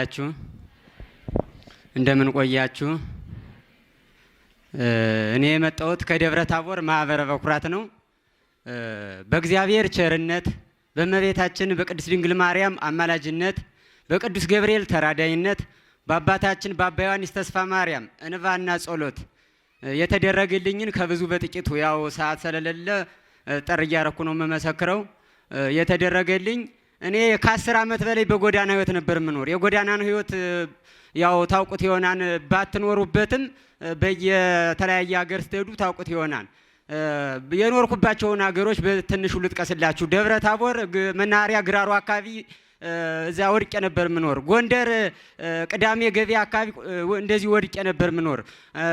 ዋላችሁ? እንደምን ቆያችሁ? እኔ የመጣሁት ከደብረ ታቦር ማህበረ በኩራት ነው። በእግዚአብሔር ቸርነት በእመቤታችን በቅድስት ድንግል ማርያም አማላጅነት በቅዱስ ገብርኤል ተራዳይነት በአባታችን በአባ ዮሐንስ ተስፋ ማርያም እንባና ጸሎት የተደረገልኝን ከብዙ በጥቂቱ ያው ሰዓት ስለሌለ ጠር እያረኩ ነው የምመሰክረው የተደረገልኝ እኔ ከአስር ዓመት በላይ በጎዳና ህይወት ነበር የምኖር። የጎዳናን ህይወት ያው ታውቁት ይሆናል፣ ባትኖሩበትም በየተለያየ ሀገር ስትሄዱ ታውቁት ይሆናል። የኖርኩባቸውን ሀገሮች በትንሹ ልጥቀስላችሁ። ደብረ ታቦር መናኸሪያ ግራሮ አካባቢ እዚያ ወድቄ ነበር ምኖር። ጎንደር ቅዳሜ ገበያ አካባቢ እንደዚህ ወድቄ ነበር ምኖር።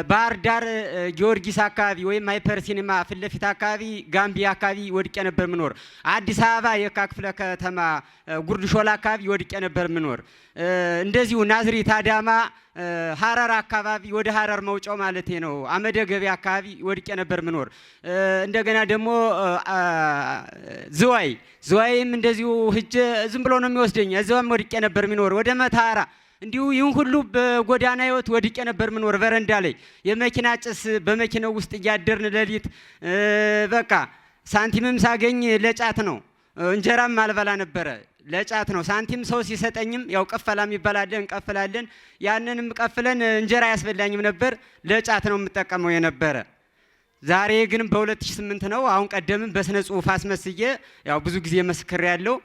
ባህር ዳር ጊዮርጊስ አካባቢ ወይም ሃይፐር ሲኒማ ፊት ለፊት አካባቢ ጋምቢያ አካባቢ ወድቄ ነበር ምኖር። አዲስ አበባ የካ ክፍለ ከተማ ጉርድ ሾላ አካባቢ ወድቄ ነበር ምኖር። እንደዚሁ ናዝሪት፣ አዳማ፣ ሀረር አካባቢ ወደ ሀረር መውጫው ማለት ነው አመደ ገበያ አካባቢ ወድቄ ነበር ምኖር። እንደገና ደግሞ ዝዋይ ዝዋይም እንደዚሁ ህጀ ዝም ብሎ ነው የሚወስደኝ እዚያም ወድቄ ነበር የሚኖር ወደ መታራ እንዲሁ ይህን ሁሉ በጎዳና ህይወት ወድቄ ነበር ምኖር። በረንዳ ላይ የመኪና ጭስ በመኪናው ውስጥ እያደርን ሌሊት በቃ ሳንቲምም ሳገኝ ለጫት ነው። እንጀራም አልበላ ነበረ ለጫት ነው። ሳንቲም ሰው ሲሰጠኝም ያው ቀፈላም የሚባላለን እንቀፍላለን። ያንንም ቀፍለን እንጀራ አያስበላኝም ነበር። ለጫት ነው የምጠቀመው የነበረ ዛሬ ግን በ2008 ነው። አሁን ቀደምም በስነ ጽሁፍ አስመስዬ ያው ብዙ ጊዜ መስክር ያለው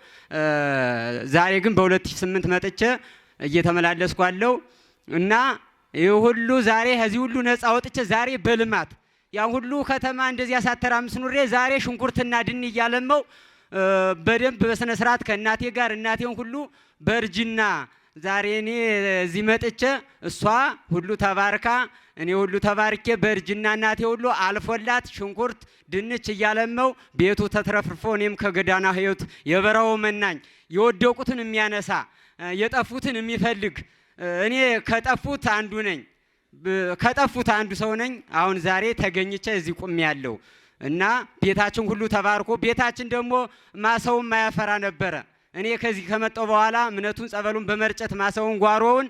ዛሬ ግን በ2008 መጥቼ እየተመላለስኩ አለው እና ይህ ሁሉ ዛሬ ከዚህ ሁሉ ነፃ ወጥቼ ዛሬ በልማት ያ ሁሉ ከተማ እንደዚህ ያሳተር አምስት ኑሬ ዛሬ ሽንኩርትና ድን እያለመው በደንብ በስነ ስርዓት ከእናቴ ጋር እናቴን ሁሉ በእርጅና ዛሬ እኔ እዚህ መጥቼ እሷ ሁሉ ተባርካ እኔ ሁሉ ተባርኬ በእርጅና እናቴ ሁሉ አልፎላት ሽንኩርት ድንች እያለመው ቤቱ ተትረፍርፎ እኔም ከገዳና ህይወት የበረው መናኝ የወደቁትን የሚያነሳ የጠፉትን የሚፈልግ እኔ ከጠፉት አንዱ ነኝ። ከጠፉት አንዱ ሰው ነኝ። አሁን ዛሬ ተገኝቼ እዚህ ቁም ያለው እና ቤታችን ሁሉ ተባርኮ ቤታችን ደግሞ ማሰውን ማያፈራ ነበረ። እኔ ከዚህ ከመጣሁ በኋላ እምነቱን ጸበሉን በመርጨት ማሰውን ጓሮውን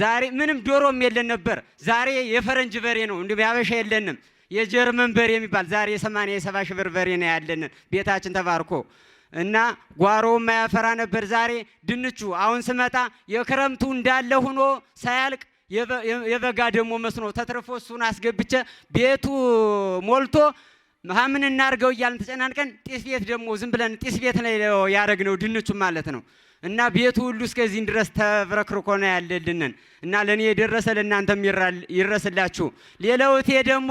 ዛሬ ምንም ዶሮም የለን ነበር። ዛሬ የፈረንጅ በሬ ነው፣ እንዲሁም ያበሻ የለንም። የጀርመን በሬ የሚባል ዛሬ የሰማንያ የሰባ ሺህ ብር በሬ ነው ያለንን ቤታችን ተባርኮ እና ጓሮውም ማያፈራ ነበር። ዛሬ ድንቹ አሁን ስመጣ የክረምቱ እንዳለ ሆኖ ሳያልቅ የበጋ ደግሞ መስኖ ተትርፎ እሱን አስገብቼ ቤቱ ሞልቶ ምን እናርገው እያልን ተጨናንቀን ጢስ ቤት ደግሞ ዝም ብለን ጢስ ቤት ላይ ያደረግነው ድንቹ ማለት ነው። እና ቤቱ ሁሉ እስከዚህን ድረስ ተብረክርኮ ነው ያለልንን እና ለእኔ የደረሰ ለእናንተም ይድረስላችሁ። ሌላው እቴ ደግሞ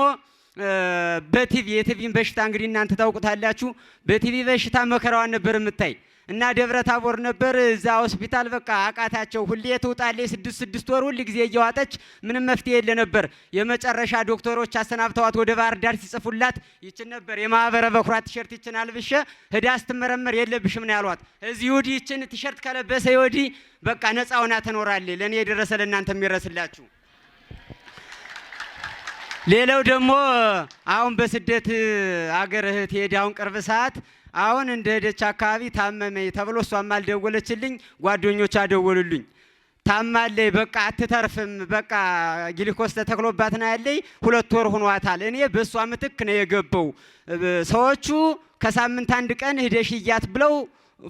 በቲቪ የቲቪን በሽታ እንግዲህ እናንተ ታውቁታላችሁ። በቲቪ በሽታ መከራዋን ነበር የምታይ እና ደብረ ታቦር ነበር እዛ ሆስፒታል በቃ አቃታቸው። ሁሌ ትውጣለች ስድስት ስድስት ወር ሁል ጊዜ እየዋጠች ምንም መፍትሄ የለ ነበር። የመጨረሻ ዶክተሮች አሰናብተዋት ወደ ባህር ዳር ሲጽፉላት ይችን ነበር የማህበረ በኩራት ቲሸርት ይችን አልብሸ ህዳ ስትመረመር የለብሽም ነው ያሏት። እዚህ ይችን ቲሸርት ከለበሰ ይወዲ በቃ ነፃውና ሆና ትኖራለች። ለእኔ የደረሰ ለእናንተ የሚረስላችሁ ሌላው ደግሞ አሁን በስደት አገር እህት ሄድ አሁን ቅርብ ሰዓት አሁን እንደ ሄደች አካባቢ ታመመኝ ተብሎ እሷም አልደወለችልኝ፣ ጓደኞች አደወሉልኝ። ታማለይ በቃ አትተርፍም፣ በቃ ግሊኮስ ተተክሎባት ና ያለይ። ሁለት ወር ሆኗታል። እኔ በእሷ ምትክ ነው የገባው። ሰዎቹ ከሳምንት አንድ ቀን ሂደሽ እያት ብለው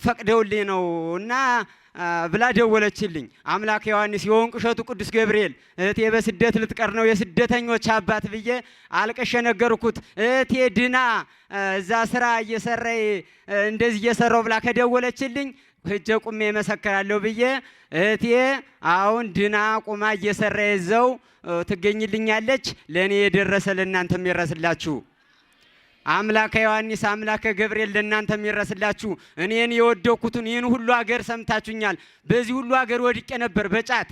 ፈቅደውልኝ ነው እና ብላ ደወለችልኝ። አምላክ ዮሐንስ የወንቅ እሸቱ ቅዱስ ገብርኤል እህቴ በስደት ልትቀር ነው የስደተኞች አባት ብዬ አልቅሼ ነገርኩት። እህቴ ድና እዛ ስራ እየሰራ እንደዚህ እየሰራው ብላ ከደወለችልኝ ህጀ ቁሜ መሰክራለሁ ብዬ እህቴ አሁን ድና ቁማ እየሰራ የዘው ትገኝልኛለች። ለእኔ የደረሰ ለእናንተ የሚረስላችሁ አምላከ ዮሐንስ አምላከ ገብርኤል ለእናንተ የሚረስላችሁ እኔን የወደኩትን ይህን ሁሉ አገር ሰምታችሁኛል። በዚህ ሁሉ አገር ወድቄ ነበር፣ በጫት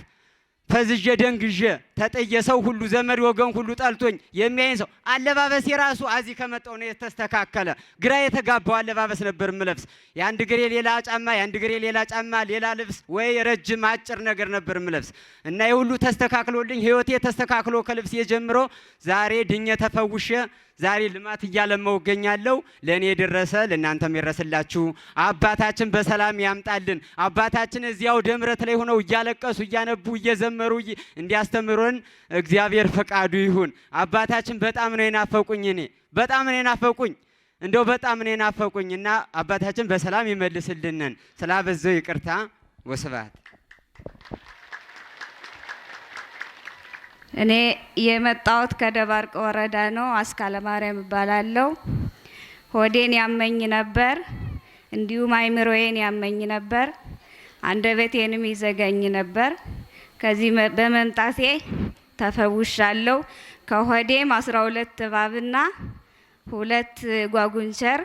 ፈዝዤ ደንግዤ ተጠየ ሰው ሁሉ ዘመድ ወገን ሁሉ ጠልቶኝ የሚያይን ሰው አለባበስ የራሱ አዚህ ከመጣው ነው የተስተካከለ። ግራ የተጋባው አለባበስ ነበር ምለብስ። የአንድ ግሬ ሌላ ጫማ፣ የአንድ ግሬ ሌላ ጫማ፣ ሌላ ልብስ ወይ ረጅም አጭር ነገር ነበር ምለብስ እና የሁሉ ተስተካክሎልኝ ህይወቴ ተስተካክሎ ከልብስ የጀምሮ ዛሬ ድኜ ተፈውሼ ዛሬ ልማት እያለመው እገኛለሁ። ለእኔ የደረሰ ለእናንተም የደረስላችሁ አባታችን በሰላም ያምጣልን። አባታችን እዚያው ደምረት ላይ ሆነው እያለቀሱ እያነቡ እየዘመሩ እንዲያስተምሩን እግዚአብሔር ፈቃዱ ይሁን። አባታችን በጣም ነው የናፈቁኝ፣ እኔ በጣም ነው የናፈቁኝ፣ እንደው በጣም ነው የናፈቁኝ እና አባታችን በሰላም ይመልስልንን። ስላበዘው ይቅርታ ወስባት እኔ የመጣሁት ከደባርቅ ወረዳ ነው። አስካለ ማርያም እባላለሁ። ሆዴን ያመኝ ነበር፣ እንዲሁም አይምሮዬን ያመኝ ነበር፣ አንደበቴንም ይዘገኝ ነበር። ከዚህ በመምጣቴ ተፈውሻለሁ። ከሆዴም አስራ ሁለት እባብና ሁለት ጓጉንቸር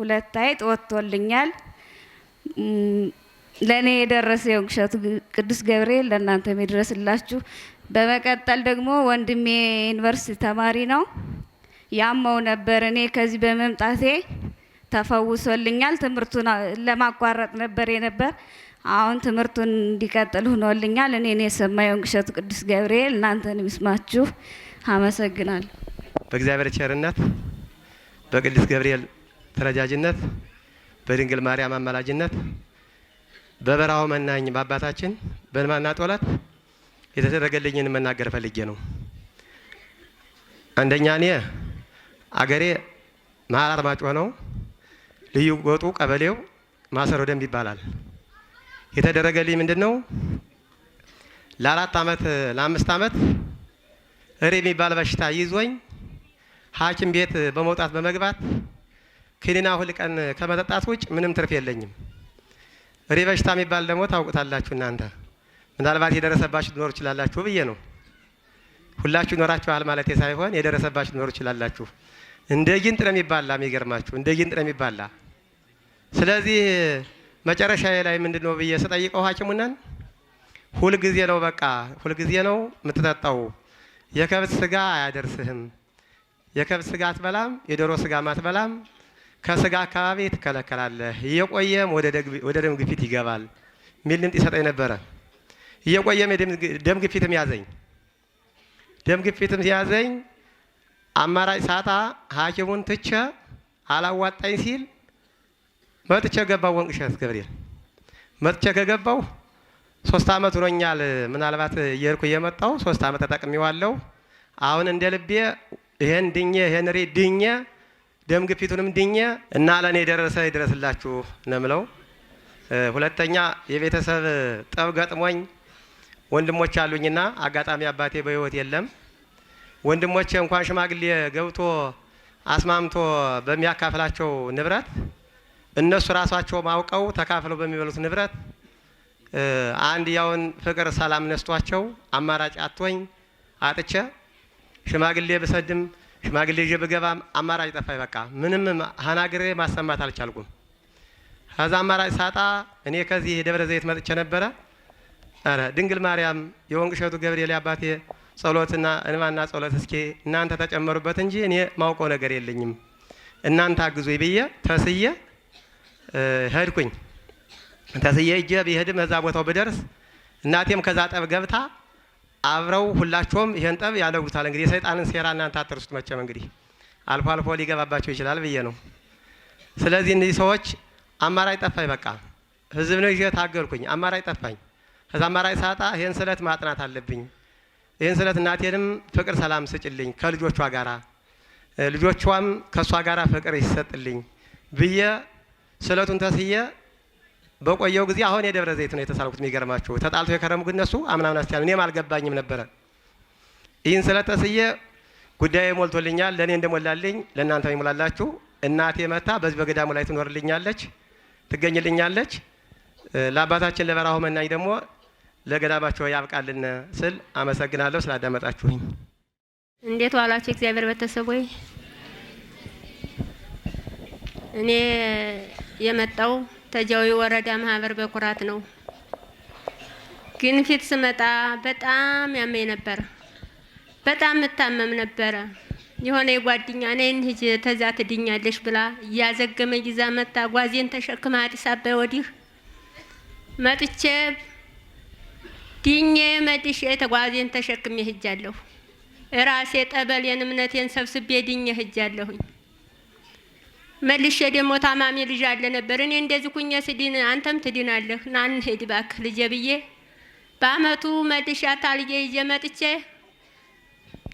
ሁለት አይጥ ወጥቶልኛል። ለእኔ የደረሰ የውግሸቱ ቅዱስ ገብርኤል ለእናንተ የሚደረስላችሁ በመቀጠል ደግሞ ወንድሜ ዩኒቨርሲቲ ተማሪ ነው። ያመው ነበር። እኔ ከዚህ በመምጣቴ ተፈውሶልኛል። ትምህርቱን ለማቋረጥ ነበር የነበር አሁን ትምህርቱን እንዲቀጥል ሆኖልኛል። እኔን የሰማየውን ግሸቱ ቅዱስ ገብርኤል እናንተን ይስማችሁ። አመሰግናለሁ። በእግዚአብሔር ቸርነት፣ በቅዱስ ገብርኤል ተረጃጅነት፣ በድንግል ማርያም አማላጅነት፣ በበረሃው መናኝ በአባታችን በልማና ጦላት የተደረገልኝን መናገር ፈልጌ ነው። አንደኛ እኔ አገሬ መሀል አርማጮ ነው። ልዩ ወጡ ቀበሌው ማሰሮ ደንብ ይባላል። የተደረገልኝ ምንድን ነው? ለአራት ዓመት ለአምስት ዓመት እሬ የሚባል በሽታ ይዞኝ ሐኪም ቤት በመውጣት በመግባት ክኒና ሁል ቀን ከመጠጣት ውጭ ምንም ትርፍ የለኝም። እሬ በሽታ የሚባል ደግሞ ታውቁታላችሁ እናንተ ምናልባት የደረሰባችሁ ሊኖር ይችላላችሁ ብዬ ነው። ሁላችሁ ይኖራችኋል ማለት ሳይሆን የደረሰባችሁ ሊኖር ይችላላችሁ። እንደ ጊንጥ ነው የሚባላ፣ የሚገርማችሁ እንደ ጊንጥ ነው የሚባላ። ስለዚህ መጨረሻ ላይ ምንድን ነው ብዬ ስጠይቀው ሐኪሙናን ሁልጊዜ ነው በቃ ሁልጊዜ ነው የምትጠጣው፣ የከብት ስጋ አያደርስህም፣ የከብት ስጋ አትበላም፣ የዶሮ ስጋ አትበላም፣ ከስጋ አካባቢ ትከለከላለህ፣ እየቆየም ወደ ደም ግፊት ይገባል የሚል ልምጥ ይሰጠኝ ነበረ። እየቆየም ደም ግፊትም ያዘኝ። ደም ግፊትም ሲያዘኝ አማራጭ ሳታ ሐኪሙን ትቼ አላዋጣኝ ሲል መጥቼ ገባሁ ወንቅ እሸት ገብርኤል። መጥቼ ከገባሁ ሶስት አመት ሆኖኛል። ምናልባት እየሄድኩ እየመጣሁ ሶስት አመት ተጠቅሜዋለሁ። አሁን እንደ ልቤ ይሄን ድኜ ይሄን ሬ ድኜ ደም ግፊቱንም ድኜ እና ለእኔ የደረሰ ይድረስላችሁ ነው የምለው። ሁለተኛ የቤተሰብ ጠብ ገጥሞኝ ወንድሞች አሉኝና አጋጣሚ አባቴ በህይወት የለም። ወንድሞቼ እንኳን ሽማግሌ ገብቶ አስማምቶ በሚያካፍላቸው ንብረት እነሱ ራሳቸው አውቀው ተካፍለው በሚበሉት ንብረት አንድ ያውን ፍቅር ሰላም ነስቷቸው አማራጭ አቶኝ አጥቼ ሽማግሌ ብሰድም ሽማግሌ ይዤ ብገባም አማራጭ ጠፋኝ። በቃ ምንም ሀናግሬ ማሰማት አልቻልኩም። ከዛ አማራጭ ሳጣ እኔ ከዚህ ደብረ ዘይት መጥቼ ነበረ አረ ድንግል ማርያም የወንቅ እሸቱ ገብርኤል አባቴ ጸሎትና እንባና ጸሎት እስኪ እናንተ ተጨመሩበት እንጂ እኔ ማውቀው ነገር የለኝም። እናንተ አግዙ ብዬ ተስየ ሄድኩኝ። ተስየ እጄ ብሄድም እዛ ቦታው ብደርስ እናቴም ከዛ ጠብ ገብታ አብረው ሁላቸውም ይሄን ጠብ ያለጉታል። እንግዲህ የሰይጣንን ሴራ እናንተ አትርሱት። መቼም እንግዲህ አልፎ አልፎ ሊገባባቸው ይችላል ብዬ ነው። ስለዚህ እነዚህ ሰዎች አማራጭ ጠፋኝ። በቃ ህዝብ ነው ይዤ ታገልኩኝ። አማራጭ ጠፋኝ። ከዛ አማራጭ ሳጣ ይህን ስዕለት ማጥናት አለብኝ። ይህን ስዕለት እናቴንም ፍቅር ሰላም ስጭልኝ ከልጆቿ ጋራ ልጆቿም ከእሷ ጋር ፍቅር ይሰጥልኝ ብዬ ስዕለቱን ተስዬ በቆየው ጊዜ አሁን የደብረ ዘይት ነው የተሳልኩት። የሚገርማችሁ ተጣልቶ የከረሙ ግን እነሱ አምናምን አስቻለ እኔም አልገባኝም ነበረ። ይህን ስዕለት ተስዬ ጉዳይ ሞልቶልኛል። ለእኔ እንደሞላልኝ ለእናንተ ይሞላላችሁ። እናቴ መታ በዚህ በገዳሙ ላይ ትኖርልኛለች፣ ትገኝልኛለች። ለአባታችን ለበረሃው መናኝ ደግሞ ለገዳማቸው ያብቃልን ስል አመሰግናለሁ ስላዳመጣችሁኝ። እንዴት ዋላችሁ? እግዚአብሔር ቤተሰብ ወይ እኔ የመጣው ተጃዊ ወረዳ ማህበር በኩራት ነው። ግን ፊት ስመጣ በጣም ያመኝ ነበር በጣም እታመም ነበረ። የሆነ የጓደኛ ነይን ሂጅ ተዛ ትድኛለሽ ብላ እያዘገመ ይዛ መጣ። ጓዜን ተሸክማ አዲስ አበባ ወዲህ መጥቼ ድኜ መድሼ ተጓዜን ተሸክሜ ሄጃለሁ። ራሴ ጠበሌን እምነቴን ሰብስቤ ድኜ ሄጃለሁኝ። መልሼ ደግሞ ታማሚ ልጅ አለ ነበር። እኔ እንደዚህ ኩኜ ስድን አንተም ትድናለህ፣ ና እንሂድ እባክህ ልጄ ብዬ በአመቱ መልሼ አታልዬ ይዤ መጥቼ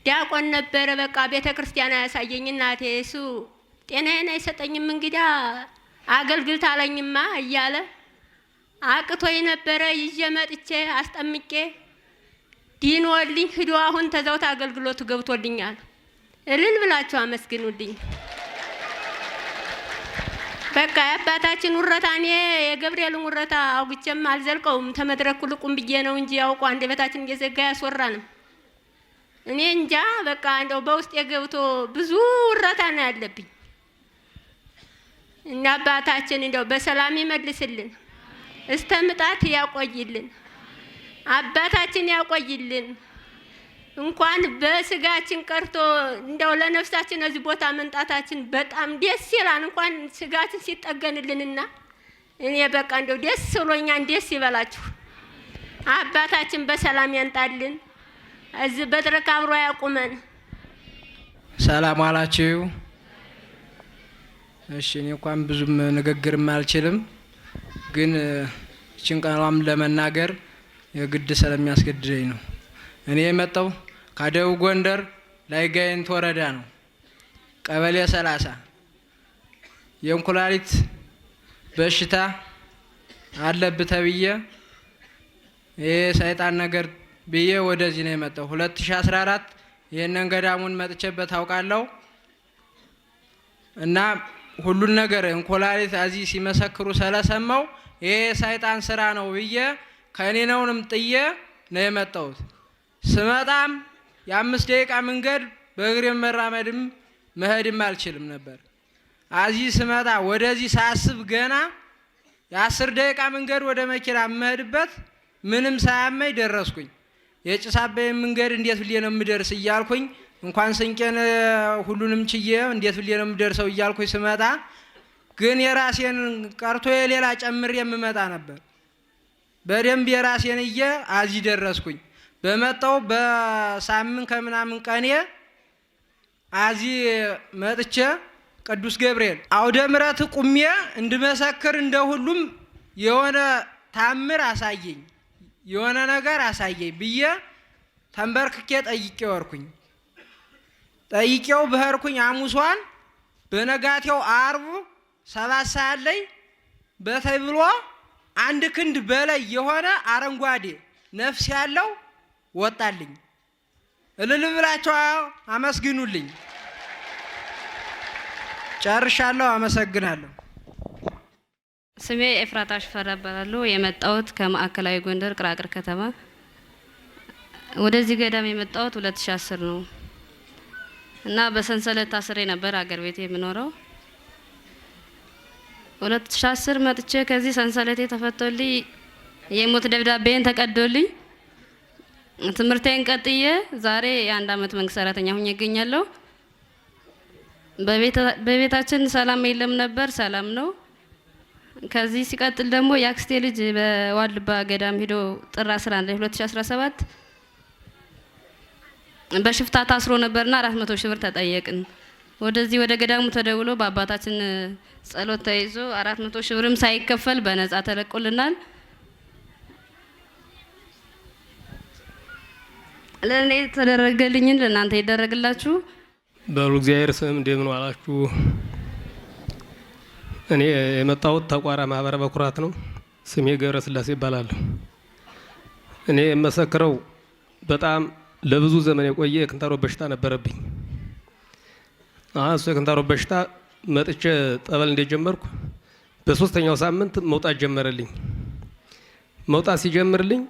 ዲያቆን ነበረ። በቃ ቤተ ክርስቲያን አያሳየኝ እናቴ። እሱ ጤናዬን አይሰጠኝም እንግዲያ አገልግል አለኝማ እያለ አቅቶ የነበረ ይዤ መጥቼ አስጠምቄ ዲኖልኝ ሂዶ አሁን ተዛውት አገልግሎቱ ገብቶልኛል። እልል ብላችሁ አመስግኑልኝ። በቃ የአባታችን ውረታ እኔ የገብርኤልን ውረታ አውግቼም አልዘልቀውም። ተመድረኩ ልቁም ብዬ ነው እንጂ ያውቁ አንድ ቤታችን እየዘጋ ያስወራንም እኔ እንጃ። በቃ እንደው በውስጥ የገብቶ ብዙ ውረታ ነው ያለብኝ እና አባታችን እንደው በሰላም ይመልስልን። እስተ ምጣት ያቆይልን። አባታችን ያቆይልን። እንኳን በስጋችን ቀርቶ እንደው ለነፍሳችን እዚህ ቦታ መምጣታችን በጣም ደስ ይላል። እንኳን ስጋችን ሲጠገንልንና እኔ በቃ እንደው ደስ ብሎኛል። ደስ ይበላችሁ። አባታችን በሰላም ያንጣልን። እዚህ በትረካ አብሮ ያቁመን። ሰላም አላችሁ። እሺ እኔ እንኳን ብዙም ንግግርም አልችልም ግን ይችን ቃሏም ለመናገር የግድ ስለሚያስገድደኝ ነው። እኔ የመጣው ከደቡብ ጎንደር ላይ ጋይንት ወረዳ ነው፣ ቀበሌ ሰላሳ የእንኩላሊት በሽታ አለብ ተብዬ ይሄ ሰይጣን ነገር ብዬ ወደዚህ ነው የመጣው። ሁለት ሺ አስራ አራት ይህንን ገዳሙን መጥቼበት አውቃለሁ እና ሁሉን ነገር እንኩላሊት እዚህ ሲመሰክሩ ስለሰማው ይሄ የሰይጣን ስራ ነው ብዬ ከእኔ ነውንም ጥዬ ነው የመጣሁት። ስመጣም የአምስት ደቂቃ መንገድ በእግሬ መራመድም መሄድም አልችልም ነበር። አዚህ ስመጣ ወደዚህ ሳስብ ገና የአስር ደቂቃ መንገድ ወደ መኪና የምሄድበት ምንም ሳያመኝ ደረስኩኝ። የጭስ አባይን መንገድ እንዴት ብዬ ነው የምደርስ እያልኩኝ እንኳን ስንቄን ሁሉንም ችዬ እንዴት ብዬ ነው የምደርሰው እያልኩኝ ስመጣ ግን የራሴን ቀርቶ የሌላ ጨምር የምመጣ ነበር። በደንብ የራሴን እየ አዚህ ደረስኩኝ። በመጣው በሳምንት ከምናምን ቀኔ አዚህ መጥቼ ቅዱስ ገብርኤል አውደ ምረት ቁሜ እንድመሰክር እንደ ሁሉም የሆነ ታምር አሳየኝ፣ የሆነ ነገር አሳየኝ ብዬ ተንበርክኬ ጠይቄ ወርኩኝ። ጠይቄው ብኸርኩኝ አሙሷን በነጋቴው አርቡ ሰባት ሰዓት ላይ በተብሎ አንድ ክንድ በላይ የሆነ አረንጓዴ ነፍስ ያለው ወጣልኝ። እልል ብላቸው አመስግኑልኝ። ጨርሻለሁ። አመሰግናለሁ። ስሜ ኤፍራታ ሽፈራ እባላለሁ። የመጣሁት ከማዕከላዊ ጎንደር ቅራቅር ከተማ። ወደዚህ ገዳም የመጣሁት 2010 ነው እና በሰንሰለት ታስሬ ነበር አገር ቤት የምኖረው 2010 መጥቼ ከዚህ ሰንሰለቴ ተፈቶልኝ የሞት ደብዳቤን ተቀዶልኝ ትምህርቴን ቀጥዬ ዛሬ የአንድ አመት መንግስት ሰራተኛ ሁኜ እገኛለሁ። በቤታችን ሰላም የለም ነበር፣ ሰላም ነው። ከዚህ ሲቀጥል ደግሞ የአክስቴ ልጅ በዋልባ ገዳም ሄዶ ጥር 11 2017 በሽፍታ ታስሮ ነበርና 400 ሺህ ብር ተጠየቅን። ወደዚህ ወደ ገዳሙ ተደውሎ በአባታችን ጸሎት ተይዞ አራት መቶ ሺህ ብርም ሳይከፈል በነጻ ተለቆልናል። ለእኔ የተደረገልኝን ለእናንተ ይደረግላችሁ። በሉ እግዚአብሔር ስም እንደምን ዋላችሁ። እኔ የመጣሁት ተቋራ ማህበረ በኩራት ነው። ስሜ ገብረ ስላሴ ይባላል። እኔ የመሰክረው በጣም ለብዙ ዘመን የቆየ የክንታሮ በሽታ ነበረብኝ። እሱ የክንታሮ በሽታ መጥቼ ጠበል እንደጀመርኩ በሶስተኛው ሳምንት መውጣት ጀመረልኝ። መውጣት ሲጀምርልኝ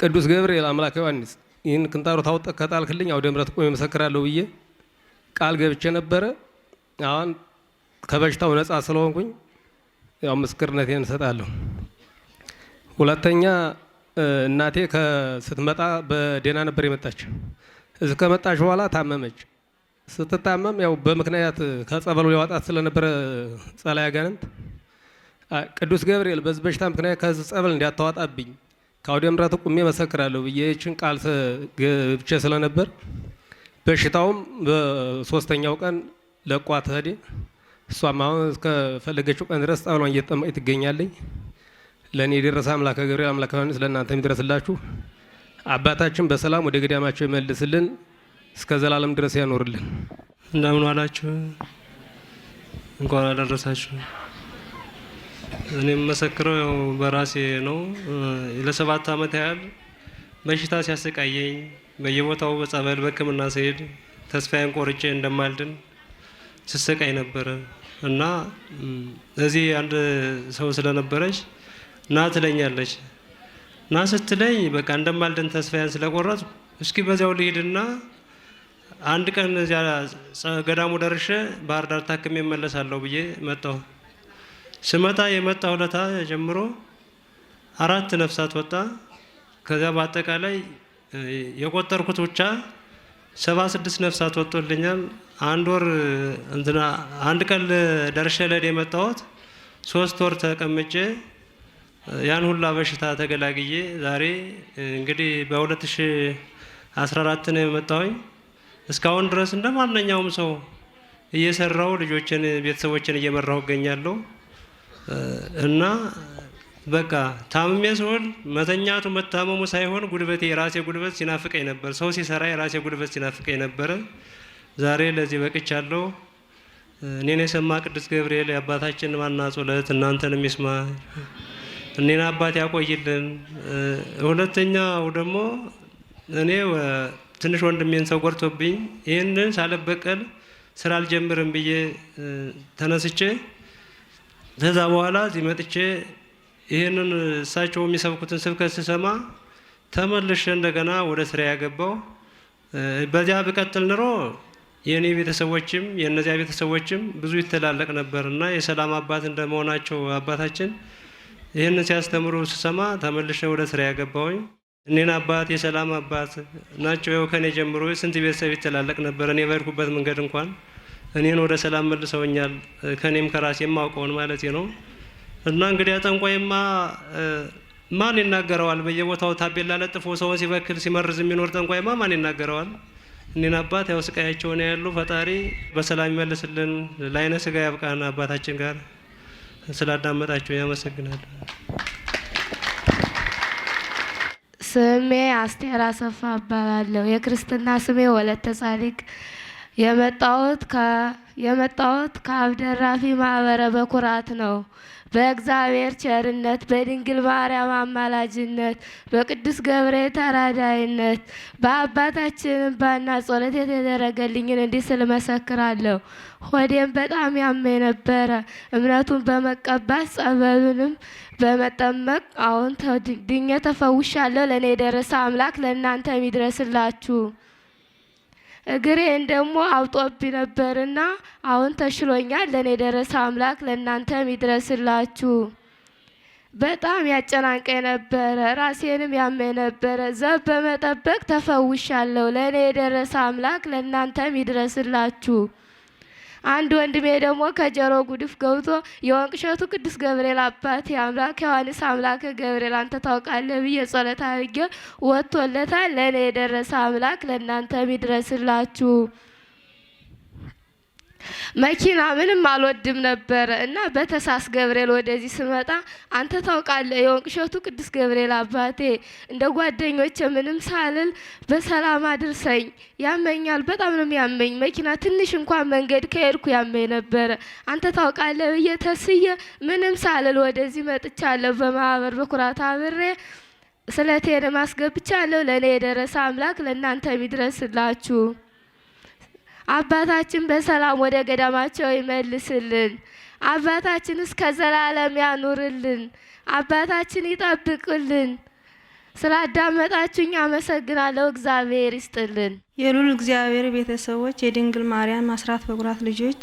ቅዱስ ገብርኤል አምላክ ዮሐንስ ይህን ክንታሮ አውጥተህ ከጣልክልኝ አውደ ምሕረት ቆሜ መሰክራለሁ ብዬ ቃል ገብቼ ነበረ። አሁን ከበሽታው ነፃ ስለሆንኩኝ ያው ምስክርነቴን እንሰጣለሁ። ሁለተኛ እናቴ ከስትመጣ በደህና ነበር የመጣች። እዚህ ከመጣች በኋላ ታመመች። ስትታመም ያው በምክንያት ከጸበሉ ሊያወጣት ስለነበረ ጸላይ አጋንንት ቅዱስ ገብርኤል በዚህ በሽታ ምክንያት ከዚህ ጸበል እንዲያተዋጣብኝ ከአውደ ምሕረት ቁሜ መሰክራለሁ ብዬ ይህችን ቃል ገብቼ ስለነበር በሽታውም በሶስተኛው ቀን ለቋት ሄደ። እሷም አሁን እስከፈለገችው ቀን ድረስ ጸበሏን እየተጠመቀች ትገኛለኝ። ለእኔ የደረሰ አምላከ ገብርኤል አምላከ ስለእናንተ ለእናንተ አባታችን በሰላም ወደ ገዳማቸው ይመልስልን። እስከ ዘላለም ድረስ ያኖርልን። እንደምን አላችሁ? እንኳን አደረሳችሁ። እኔ የምመሰክረው ያው በራሴ ነው። ለሰባት ዓመት ያህል በሽታ ሲያሰቃየኝ በየቦታው በጸበል በሕክምና ስሄድ ተስፋዬን ቆርጬ እንደማልድን ስሰቃይ ነበረ እና እዚህ አንድ ሰው ስለነበረች ና ትለኛለች። ና ስትለኝ በቃ እንደማልድን ተስፋዬን ስለቆረጥኩ እስኪ በዚያው ልሂድና አንድ ቀን እዚያ ገዳሙ ደርሼ ባህር ዳር ታክሜ እመለሳለሁ ብዬ መጣሁ። ስመጣ የመጣ ሁለታ ጀምሮ አራት ነፍሳት ወጣ። ከዚያ በአጠቃላይ የቆጠርኩት ብቻ ሰባ ስድስት ነፍሳት ወጥቶልኛል። አንድ ወር እንትና አንድ ቀን ደርሼ ለድ የመጣሁት ሶስት ወር ተቀምጬ ያን ሁላ በሽታ ተገላግዬ ዛሬ እንግዲህ በ2014 ነው የመጣሁኝ። እስካሁን ድረስ እንደ ማንኛውም ሰው እየሰራው ልጆችን ቤተሰቦችን እየመራው እገኛለሁ እና በቃ ታምሜ ስሆን መተኛቱ መታመሙ ሳይሆን ጉልበቴ የራሴ ጉልበት ሲናፍቀኝ ነበር። ሰው ሲሰራ የራሴ ጉልበት ሲናፍቀኝ ነበረ። ዛሬ ለዚህ በቅቻለሁ። እኔን የሰማ ቅዱስ ገብርኤል የአባታችን ማና ጸሎት እናንተን የሚስማ እኔን አባት ያቆይልን። ሁለተኛው ደግሞ እኔ ትንሽ ወንድሜን ሰው ጎርቶብኝ ይህንን ሳልበቀል ስራ አልጀምርም ብዬ ተነስቼ ከዛ በኋላ እዚህ መጥቼ ይህንን እሳቸው የሚሰብኩትን ስብከት ስሰማ ተመልሼ እንደገና ወደ ስራ ያገባው። በዚያ ብቀጥል ኑሮ የእኔ ቤተሰቦችም የእነዚያ ቤተሰቦችም ብዙ ይተላለቅ ነበር እና የሰላም አባት እንደመሆናቸው አባታችን ይህንን ሲያስተምሩ ስሰማ ተመልሼ ወደ ስራ ያገባውኝ። እኔን አባት የሰላም አባት ናቸው። ያው ከኔ ጀምሮ ስንት ቤተሰብ ይተላለቅ ነበር። እኔ በሄድኩበት መንገድ እንኳን እኔን ወደ ሰላም መልሰውኛል። ከኔም ከራሴ የማውቀውን ማለት ነው። እና እንግዲህ ጠንቋይማ ማን ይናገረዋል? በየቦታው ታቤላ ለጥፎ ሰውን ሲበክል ሲመርዝ የሚኖር ጠንቋይማ ማን ይናገረዋል? እኔን አባት ያው ስቃያቸውን ያሉ ፈጣሪ በሰላም ይመልስልን። ለአይነ ስጋ ያብቃን። አባታችን ጋር ስላዳመጣቸው ያመሰግናል። ስሜ አስቴር አሰፋ እባላለሁ። የክርስትና ስሜ ወለተ ጻድቅ። የመጣሁት ከአብደራፊ ማህበረ በኩራት ነው። በእግዚአብሔር ቸርነት በድንግል ማርያም አማላጅነት በቅዱስ ገብርኤል ተራዳይነት በአባታችን ባና ጸሎት የተደረገልኝን እንዲህ ስል መሰክራለሁ። ሆዴም በጣም ያመ ነበረ። እምነቱን በመቀባት ጸበሉንም በመጠመቅ አሁን ድኜ ተፈውሻለሁ። ለእኔ የደረሰ አምላክ ለእናንተ ይድረስላችሁ። እግሬን ደግሞ አብጦብኝ ነበርና አሁን ተሽሎኛል። ለእኔ የደረሰ አምላክ ለእናንተም ይድረስላችሁ። በጣም ያጨናንቀ ነበረ፣ ራሴንም ያመ ነበረ። ዘብ በመጠበቅ ተፈውሻለሁ። ለእኔ የደረሰ አምላክ ለእናንተም ይድረስላችሁ። አንድ ወንድሜ ደግሞ ከጀሮ ጉድፍ ገብቶ የወንቅ እሸቱ ቅዱስ ገብርኤል አባት አምላክ ዮሐንስ አምላክ ገብርኤል አንተ ታውቃለህ ብዬ ጸሎት አድርጌ ወጥቶለታል። ለእኔ የደረሰ አምላክ ለእናንተም ይድረስላችሁ። መኪና ምንም አልወድም ነበረ እና በተሳስ ገብርኤል ወደዚህ ስመጣ አንተ ታውቃለህ የወንቅ እሸቱ ቅዱስ ገብርኤል አባቴ እንደ ጓደኞቼ ምንም ሳልል በሰላም አድርሰኝ። ያመኛል፣ በጣም ነው የሚያመኝ። መኪና ትንሽ እንኳን መንገድ ከሄድኩ ያመኝ ነበረ። አንተ ታውቃለህ ብዬ ተስዬ ምንም ሳልል ወደዚህ መጥቻለሁ። በማህበር በኩራት አብሬ ስለቴንም ማስገብቻለሁ። ለእኔ የደረሰ አምላክ ለእናንተ የሚድረስላችሁ አባታችን በሰላም ወደ ገዳማቸው ይመልስልን። አባታችን እስከ ዘላለም ያኑርልን። አባታችን ይጠብቅልን። ስላዳመጣችሁኝ አመሰግናለሁ። እግዚአብሔር ይስጥልን። የሉል እግዚአብሔር ቤተሰቦች፣ የድንግል ማርያም አስራት በኩራት ልጆች፣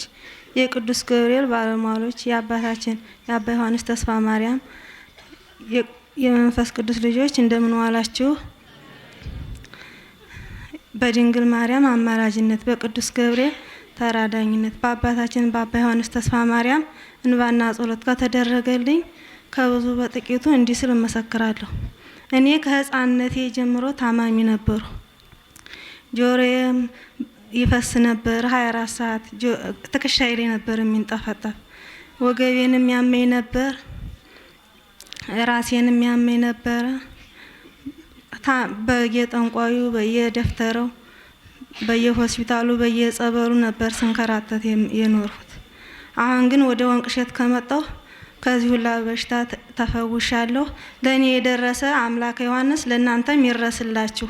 የቅዱስ ገብርኤል ባለሟሎች፣ የአባታችን የአባ ዮሐንስ ተስፋ ማርያም የመንፈስ ቅዱስ ልጆች እንደምን ዋላችሁ? በድንግል ማርያም አማራጅነት በቅዱስ ገብርኤል ተራዳኝነት በአባታችን በአባ ዮሐንስ ተስፋ ማርያም እንባና ጸሎት ከተደረገልኝ ከብዙ በጥቂቱ እንዲህ ስል እመሰክራለሁ። እኔ ከሕፃንነቴ ጀምሮ ታማሚ ነበሩ። ጆሮዬም ይፈስ ነበር፣ 24 ሰዓት ትከሻዬ ላይ ነበር የሚንጠፈጠፍ። ወገቤንም ያመኝ ነበር፣ ራሴንም ያመኝ ነበረ። በየጠንቋዩ በየደፍተረው በየሆስፒታሉ በየጸበሉ ነበር ስንከራተት የኖርኩት። አሁን ግን ወደ ወንቅሸት ከመጣሁ ከዚህ ሁላ በሽታ ተፈውሻለሁ። ለእኔ የደረሰ አምላከ ዮሐንስ ለእናንተም ይረስላችሁ።